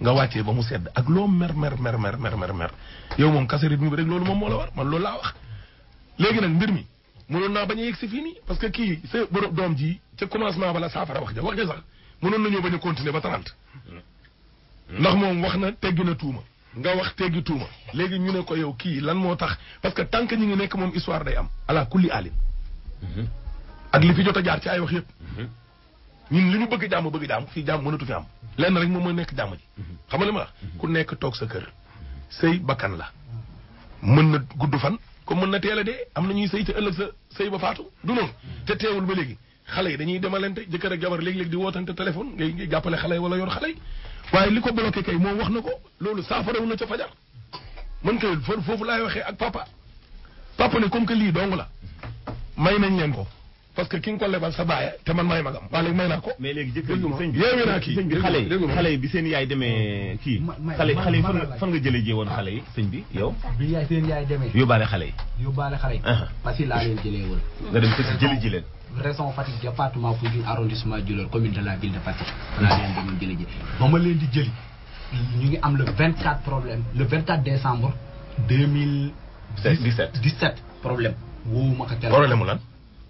nga wàccee ba mu sedd ak loo mer mer mer mer mer mer mer yow moom kasarit mi rek loolu moom moo la war man loolu laa wax léegi nag mbir mi mënoon naa bañ a yegg si fii nii parce que kii sa borom doom ji ca commencement bala saafara wax ja wax ja sax mënoon nañoo bañ a continuer ba 30 mm. ndax moom wax na teggi na tuuma nga wax teggi tuuma léegi ñu ne ko yow kii lan moo tax parce que tant que ñu ngi nekk moom histoire day am alaa kulli alim mhm. ak li fi jot a jaar ci ay wax yëpp mhm. ñun li ñu bëgg jàmm bëgg jàmm fii jàmm mënatu fi am lenn rek moom mooy nekk jàmm ji mhm. xam nga li ma ku nekk toog sa kër sëy bakkan la mën na gudd fan ko mën na teel a dee am na ñuy sëy te ëllëg sa sëy ba faatu du noonu te teewul ba léegi xale yi dañuy demalante jëkkër ak jabar léeg-léeg di wootante téléphone jàppale xale yi wala yor xale yi waaye li ko bloqué kay moom wax na ko loolu saafarawu na ca fajar man kay foofu laay waxee ak papa papa ne comme que lii dong la may nañ leen ko parce que ki nga ko lebal sa baaya te man maay magam waa may naa ko. mais léegi jëkkër sëñ bi yeewi naa kii xale yi xale yi bi seen yaay demee kii. xale xale yi fan nga jëlee jee woon xale yi sëñ bi yow. bi yaay seen yaay demee. yóbbaale xale yi. yóbbaale xale yi. parce uh-huh. que laa leen jëlee woon. nga dem kër jëli ji leen. région Fatick département Foundiougne arrondissement Djilor commune de la ville de Fatick. laa ma leen di jëli ñu ngi am le 24 problème le 24 décembre 2017 17 problème woowu ma ko. problème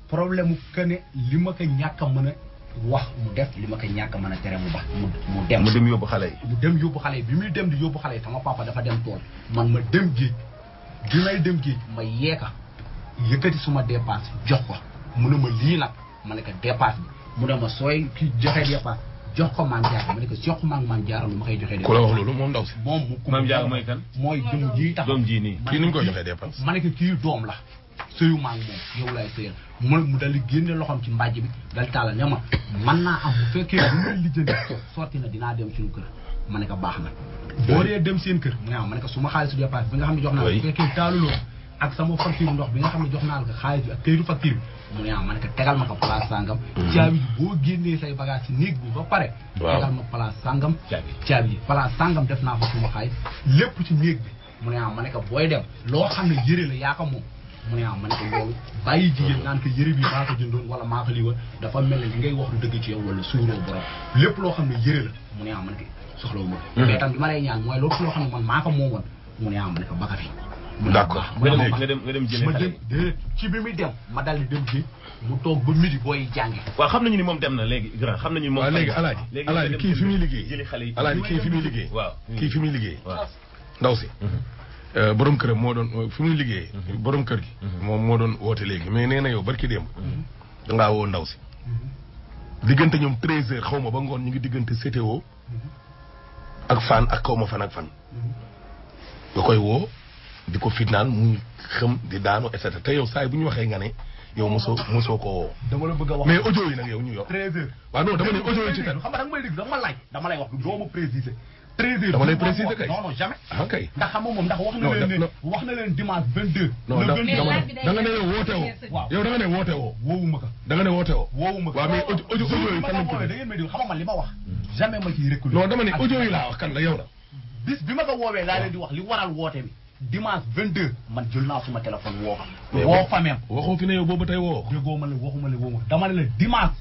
problème mu que ne li ma ko ñàkk a mën a wax mu def li ma ko ñàkk a mën a tere mu ba mu dem. mu dem yóbbu xale yi. mu dem yóbbu xale yi bi muy dem di yóbbu xale yi sama papa dafa dem tool man ma dem géej bi may dem géej ma yeeka yëkkati suma dépense jox ko mu ne ma lii nag ma ne ko dépense bi mu ne ma sooy ki joxe dépense jox ko maam jaara ma ne ko jox ko maam jaara lu ma koy joxee. ku wax loolu moom ndaw si. moom maam jaara tax ji nii. kii ni mu koy joxee dépense. ma ne ko kii doom la sëyu maa ngi moom yow mo mu dal di loxam ci mbàjj bi dal tàllal ne man na am bu fekkee bu ngeen lijjanti sotti na dina dem suñu kër mané ko bax na bo re dem seen kër mu ñaw ah, mané ko suma xaalisu dépasse bi nga xamni jox na fekke fekkee lo ak sama facture ndox bi nga xamni jox naa la ko ak teeru facture bi mu ne ah, ma ko tegal ma ko place sangam mhm. ciabi bo boo say bagage ci neeg bi ba paré tegal ma place sangam ciabi ciabi place sangam def na ko suma xaalis lepp ci neeg bi mu ne ah, ma ko boy dem lo xamni ne la ya ko moom mu ne ah man ko yow bàyyi jigéen naan ko yëre bi maa ko jëndoon wala maa ko lii woon dafa mel ne li ngay wax du dëgg ci yow walla suuroo borom lépp loo xam ne yëre la mu ne ah man ko soxlawu ma ko. mais ma lay ñaan mooy loolu loo xam man maa ko moomoon mu ne ah man ko baka fi. d'accord nga dem nga dem jëlee xale bi ci bi muy dem ma daal di dem ji mu toog ba midi booy jàngi. waaw xam nañu ni moom dem na léegi xam nañu moom. waaw léegi alaaji alaaji kii fi muy liggéey alaaji kii fi muy liggéey. waaw kii fi muy liggéey. ndaw si mhm. Euh, borom këram moo doon fi muy liggéeyee. Mhm. borom kër gi. Mhm. moom moo doon woote léegi mais nee na yow barki démb. Mhm. dangaa woo ndaw si. diggante ñoom 13 heures xaw ma ba ngoon ñu ngi diggante CTO. ak fan ak xaw ma fan ak fan. nga koy woo di ko fitnaan muy xam di daanu et te yow saay yi bu ñu waxee nga ne yow mosoo mosoo koo woo. la bëgg mais audio yi nag yow ñu yor. 13 très dur dama lay préciser kay non non jamais. kay ah, ndax xam nga moom ndax wax na leen ne wax na leen dimanche da nga ne yow woote woo. waaw yow da nga ne woote woo. woowuma ka da nga ne woote woo. woowuma ko waaw mais audio audio yooyu kan ko da ngeen li ma wax. jamais ma ciy reculer. non dama ne audio yi la yow la. bis bi ma ko woowee laa leen wax li waral woote bi. dimanche 22 man jël naa suma téléphone woo ko. woo fa même. waxoo fi ne yow boobu tey woo. déggoo ma la waxuma la woo dama ne la dimanche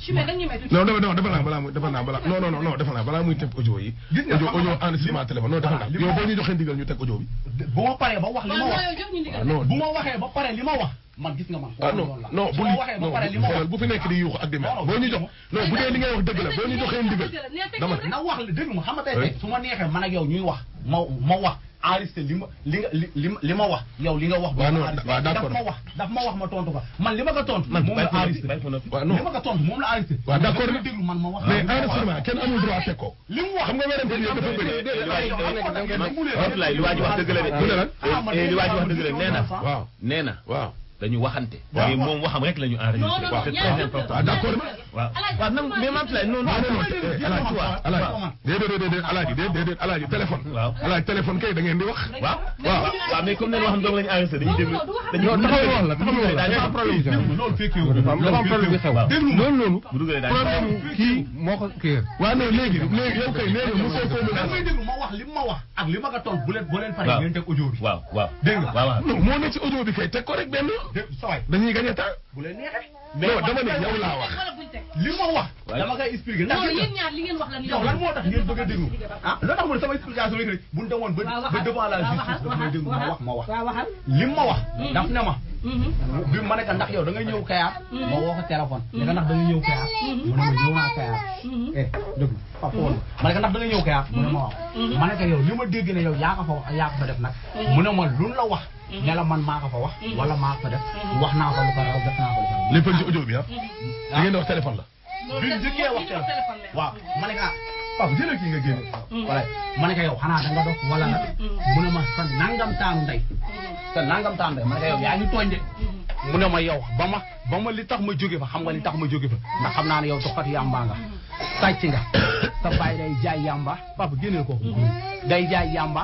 Chimère dañuy may tuuti. non non defal naa balaa muy defal naa balaa non non non defal naa balaa muy teg audio yi. gis nga audio audio enregistrement téléphone non defal naa yow boo ñu joxee ndigal ñu teg audio bi. bu ma paree ba wax li ma wax non bu ma waxee ba pare li ma wax. man gis nga man. ah non non bu non bu fi nekk di yuux ak di mel. boo ñu jox non bu dee li ngay wax dëgg la boo ñu joxee ndigal. dama na wax dëgg ma xam nga tey su ma neexee man ak yow ñuy wax ma ma wax. enregistré li ma li nga li li ma wax yow li nga wax. waaw non waaw d'accord daf ma wax daf ma wax ma tontu ko man li ma ko tontu. moom la enregistré li ma ko tontu moom la enregistré. waaw d'accord déglu man ma wax. mais enregistrement kenn amul droit teg ko. li mu wax xam nga wérante yi dafa bëri. li waa ji wax dëgg la de. Ah, eh, li waa ji wax dëgg la nee na. waaw nee na. waaw dañu waxante. waaw mais moom waxam rek la ñu enregistré. waaw c'est très important ah, d'accord. waaw mais man lay non non déedéet déedéet alaaji déedéet alaaji téléphone alaaji téléphone kay da ngeen di wax waaw waaw mais comme ne wax doom lañu arrêté dañuy déglu dañuy taxaw la dafa problème loolu fekké wu dafa am problème bi xew loolu loolu problème ki moko kër waaw non léegi léegi yow kay léegi mu soo ko mu damay déglu ma wax li ma wax ak li ma ko tol bu leen bu leen pare ngeen teg audio bi waaw waaw dégg nga waaw moo ne ci audio bi kay teg ko rek benn dañuy gagné temps bu leen neexé mais dama ne yow laa wax li ma wax. dama koy expliqué. ndax yéen ñaar li ngeen wax lan yow lan moo tax ngeen bëgg a déglu ah lan tax man sama explication rek bu ñu demoon ba. ba devant la justice daf may déglu ma wax ma wax. li ma wax daf mm-hmm. ne ma. Mm-hmm. bi mu ma ne ko ndax yow da ngay ñëw Kayar. ma a ko téléphone. Mm-hmm. ne ko da ngay ñëw Kayar. Mm-hmm. mu ne ma ñëw naa Kayar. eh dëgg Papa woon ma ne ko ndax yow li ma dégg ne yow yaa ko fa wax yaa ko fa def nag. mu ne la wax. ne la man maa ko fa wax. wala maa ko fa def. wax naa ko lu ko raw def naa ko lu ko raw. lépp ci audio bi ah. da ngeen wax téléphone la. wax téléphone waaw pap dina ki nga génn wala mana ko yow xanaa da nga dox wala nga mu ne ma sa nangam taam ndey sa nangam taam ndey man ko yow yaa ngi tooñ de mu ne ma yow ba ma ba ma li tax ma jóge fa xam nga li tax ma jóge fa ndax xam naa ne yow doxati yàmbaa nga sàcc nga sa bàyyi day jaay yàmba papa génneel ko day jaay yàmba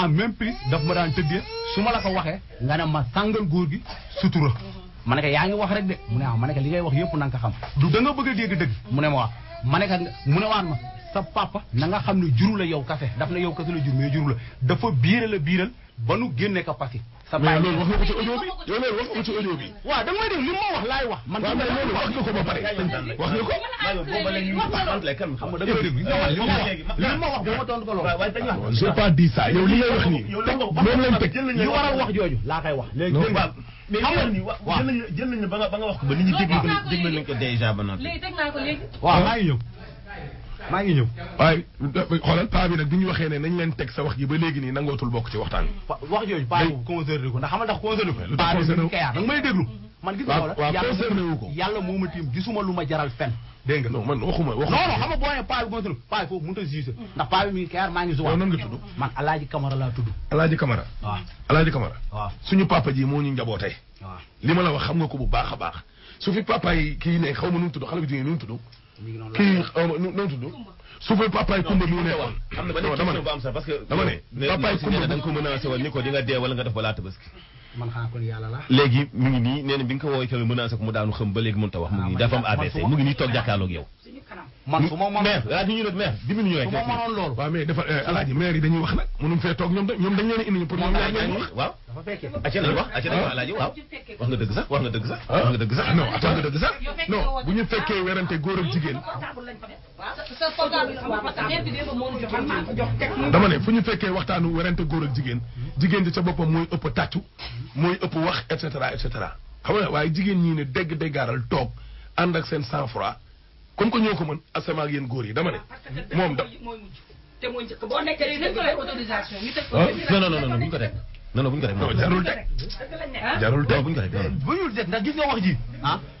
en même prix daf ma daan tëddee su la ko waxee nga ne ma sàngal góor gi sutura hmm. ma ne ko yaa ngi wax rek de mu ne ah ma ne ko li ngay wax yëpp na nga ko xam du da nga bëgg a dégg dëgg ma wax ma ne ko waan ma sa papa na nga xam ne juru la yow kase daf na yow kase la jur dafa biiral a biiral ba nu génne ko pasi sa bàyyi loolu wax nga ko bi yow loolu wax nga ko ci audio bi waaw da ngay dégg li ma wax laay wax man waaw mais wax nga ko ba pare wax nga ko li ma wax ba ma tontu ko loolu ah, j'ai pas dit ça yow li ngay wax nii moom lañ teg li war a wax jooju wax léegi jël nañ jël nañ ba nga wax ko ba nit ñi dégg dégg nañ ko déjà ba noppi léegi teg naa ko léegi waaw maa ngi maa ngi ñëw waaye xoolal paa bi nag bi ñu waxee ne nañ leen teg sa wax ji ba léegi nii nangootul bokk ci waxtaan bi wax jooju paa boobu concerné ko ndax da nga may déglu man gis nga waaw concerné ko yàlla moo ma tiim gisuma lu ma jaral fen dégg nga non man waxuma waxuma non non xam nga boo a juger ndax maa ngi zuwa nan nga man alaaji Camara laa tudd alaaji Camara waaw alaaji Camara waaw suñu papa ji moo ñu njabootee waaw li ma la wax xam nga ko bu baax a baax su fi papa yi kii ne xaw ma nu mu tudd xale bi jigéen nu mu tudd kii noonu tudd su fa papaay kumba mi nekkoon. xam nga dama ne parce que. dama ne papaay kumba da nga ko menacé woon ni ko di dee wala nga def balaa tabaski. man xanaa kon léegi mu ngi nii nee na bi nga ko woowee tamit menacé ko mu daanu xam ba léegi mënut a wax mu ngi dafa am ABC ah, mu ngi nii toog jàkkaarloog yow. man su ma mënoon maire laaj ñu ne maire diminué rek. su ma mënoon loolu. waaw mais dafa euh, alaaji maire yi dañuy wax nag mënuñ fee toog ñoom dañ ñoom dañ leen a indi. pour ñoom ñaar ñoom wax waaw. acca nañ wax acca nañ wax wax nga dëgg sax wax nga dëgg sax. wax nga dëgg sax ah, non sax. non bu ñu fekkee werante góor ak jigéen. dama ne fu ñu fekkee waxtaanu werante góor ak jigéen jigéen ji ca boppam mooy ëpp tàccu mooy ëpp wax et cetera et cetera xam nga waaye jigéen ñii ne dégg déggaaral toog ànd ak seen sang froid comme ko ñoko mën asama ak yeen goor yi dama ne mom da non non non buñ ko non non buñ ko non jarul tek jarul tek buñ ko buñul ndax gis nga wax ji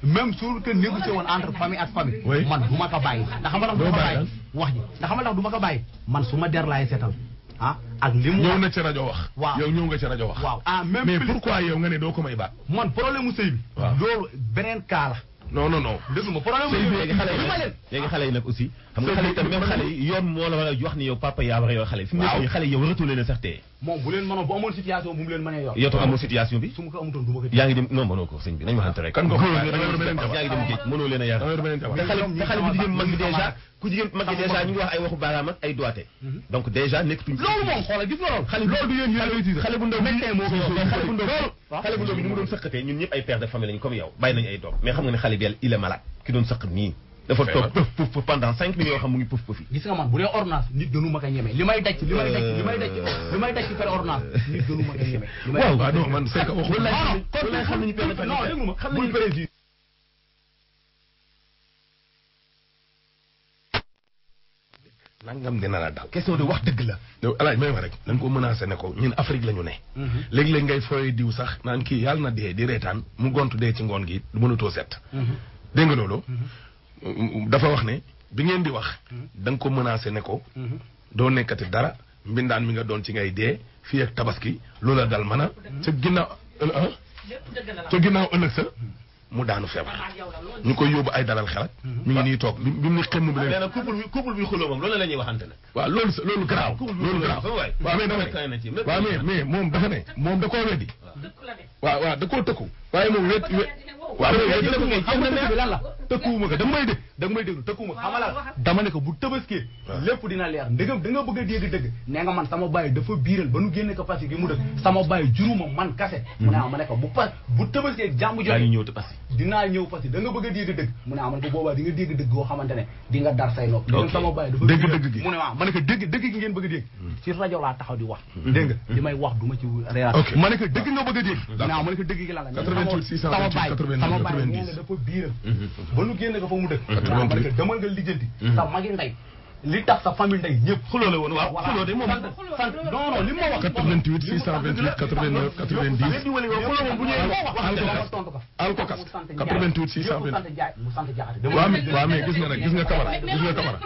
même sur que négocier won entre famille ak famille man ko bayyi ndax xam nga ko ah ak limu ñew na ci radio wax yow ñew nga ci do ko may non non non. déglu ma problème mu. léegi xale yi nag aussi. xam nga xale itam même xale yoon moo la war a wax ni yow papa yaa war a yor xale fi mu nekk xale yow retourné na sax tee moom bu leen mënoon bu amoon situation bu mu leen mënee yor yow amul situation bi su ma ko amutoon du ma ko yaa ngi dem non mënoo ko sëñ bi nañu waxante rek yaa ngi dem géej mënoo leen a yar te xale bu jigéen mag bi dèjà ku jigéen mag bi dèjà ñu ngi wax ay waxu baaraam ak ay doigté mhm. donc dèjà nekkutuñ loolu moom xoolal gis loolu xale loolu du yéen xale bu ndaw xale bu ndaw xale bu ndaw bi ñu mu doon sëqatee ñun ñëpp ay père de famille lañu comme yow bàyyi nañu ay doom mais xam nga ne xale bi il est malade ki doon sëq nii dafa tok puf puf puf pendant 5 minutes yo xam mu ngi puf puf gis nga man bu dee ordonnance nit do nu ma kay ñeme limay dacc limay dacc limay dacc limay dacc daj li may daj ci par ordonnance nit gënu ma koy ñeme waaw non man c'est que waxul lay kon xam nañu benn non déglu ma xam nañu président nangam dina la dal question de wax deug la yow alaaj may ma rek nang ko menacer ne ko ñun afrique lañu ne mhm. leg leg ngay foy diw sax nan ki yalla na de di retane mu gontu de ci ngoon gi du mënu to set mhm. deeng nga dafa wax ne bi ngeen di wax. Hmm. da nga ko menacé ne ko. Hmm. doo nekkati dara mbindaan mi nga doon ci ngay dee fii ak tabaski loola dal mën a. Hmm. ca ginnaaw euh, euh, ca ginnaaw ëllëg sa. mu daanu feebar ah, ñu koy yóbbu ay dalal xelal. mi ngi nii toog bi bi mu ne xëmm bi. Ah, nee na couple bi couple bi xuloo moom loolu la ñuy waxante nag. waaw loolu sa loolu garaaw. loolu garaaw waaw mais mais moom dafa ne moom da koo weddi. waaw waaw da koo tëkku. waaye moom wet wet. waaw mais wet bi lan la. tëkkuwuma ko da nga may dégg da nga may déglu tëkkuwuma ko xamala dama ne ko bu tabaskee ah. lépp dina leer ndégam da nga bëgg a dégg dëgg nee nga man sama bàyyi dafa biiral ba nu génne ko Passy gi mu dëkk mm. sama bàyyi juruma man kase mu ne mm. ah ma ne ko bu pas bu tabaskee jàmm joxe dinaa ñëw Passy da a dégg dëgg mu ne ah ma ne ko di nga xamante ne di nga dar say nopp ndégam sama bàyyi dafa dëgg gi mu ne waaw ah, ma ne ko dëgg dëgg gi ngeen bëgg a dégg mm. ci rajo laa taxaw di wax mm-hmm. dégg nga li may wax du ma ci réalité ma ne ko dëgg nga bëgg a dégg ah, ko dëgg gi la sama ba nu génne ko fa mu dëkk. waaw parce que demal nga lijjanti. sa magi ndey. li tax sa famille ndey ñëpp. xuloo la woon waaw xuloo de moom. sant non non li mu ma wax. 88 628 89 90. alkokas 88 628. waaw mais waaw mais gis nga nag gis nga Camara gis nga Camara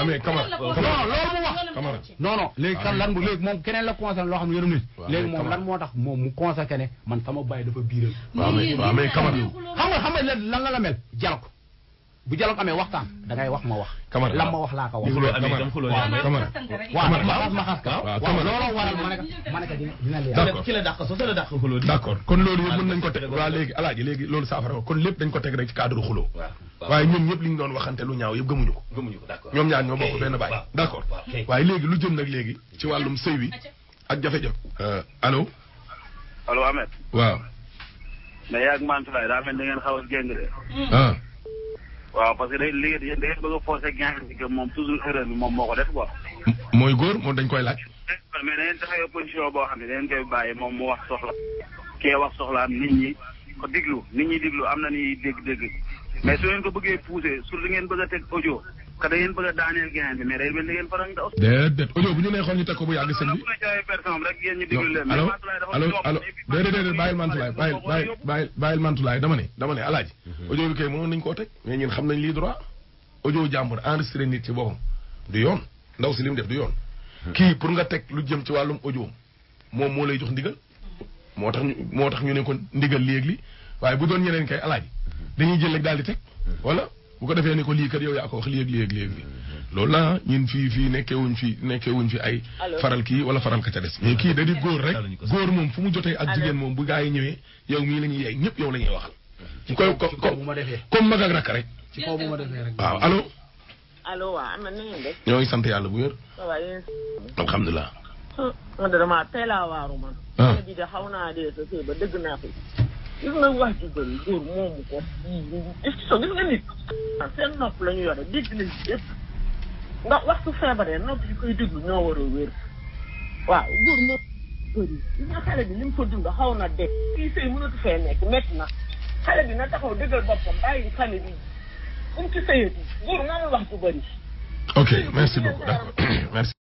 waaw mais Camara. non loolu mu wax. Camara non non léegi kan lan bu léegi moom keneen la conseil loo xam ne yërëm nañu. léegi moom lan moo tax moom mu conseil ne man sama baay dafa biiral. waaw mais waaw mais Camara. xam nga xam nga lan la la mel jàll ko bu dialogue amee waxtaan da ngay wax ma wax. Camara lan ma wax laa ko wax. looloo waral ma ne ko ma ne ko dina dina d'accord ki la dàq soo la dàq xuloo. d'accord kon loolu yëpp mën nañ ko teg waa léegi alaaji léegi loolu saafara ko kon lépp dañ ko teg rek ci cadre xuloo. waaye ñoom ñëpp li ñu doon waxante lu ñaaw yëpp gëmuñu ko. gëmuñu ko d'accord ñoom ñaar ñoo bokk benn baay. d'accord waaye léegi lu jëm nag léegi ci wàllum sëy wi ak jafe-jafe. Euh, allo. allo Ahmed. waaw. daa mel ni ngeen xaw a waaw parce que day léegi day bëgg a forcer gàncax gi moom toujours erreur bi moom moo ko def quoi. mooy góor moom dañ koy laaj. mais da ngeen taxawee position boo xam ne da ngeen koy bàyyi moom moo wax soxla kee wax soxlaam nit ñi ko diglu nit ñi diglu am na ñuy dég dégg mais su ngeen ko bëggee pousser surtout ngeen bëgg a teg audio que da ngeen bëgg a daaneel gain bi mais day mel ni ngeen faral di. déedéet audio bu ñu neexoon ñu teg ko bu yàgg sëñ bi. allo allo allo déedéet déedéet bàyyil Mantulaay bàyyil bàyyil bàyyil bàyyil Mantulaay dama ne dama ne alaaji. Mhm. audio bi kay mënoon nañu koo teg mais ñun xam nañ lii droit audio jàmbur enregistré nit ci boppam du yoon ndaw si li mu def du yoon. Mhm. kii pour nga teg lu jëm ci wàllum audio moom moo lay jox ndigal. moo tax ñu moo tax ñu ne ko ndigal léegi li waaye bu doon ñeneen kay alaaji mhm. dañuy jël rek daal di teg wala bu ko defee ne ko lii kat yow yaa ko wax lii ak lii ak lii loolu la ñun fii fii nekkee wuñ fi nekkee wuñ fi ay faral kii wala faral ka ca des mais kii da di góor rek góor moom fu mu jotee ak jigéen moom bu gaa yi ñëwee yow mii la ñuy yeeg ñëpp yow la ñuy waxal ci koy comme mag ak rakk rek ci kaw bu ma defee rek waaw allo allo am na ñoo ngi sant yàlla bu wér alhamdulilah ah, man de dama teel ah. xaw naa dee sa gis nga wax ju bëri góor moomu ko discussion gis nga nit seen nopp la ñu yore dégg nañ yëpp ndax waxtu feebaree nopp yi koy déglu ñoo war a wér waaw góor moo bëri gis nga xale bi li mu ko dund xaw na de kii sëy mënatu fee nekk métti na xale bi na taxaw dëggal boppam bàyyi xale bi bu mu ci sëyati góor moomu wax ju bëri ok merci beaucoup d'accord merci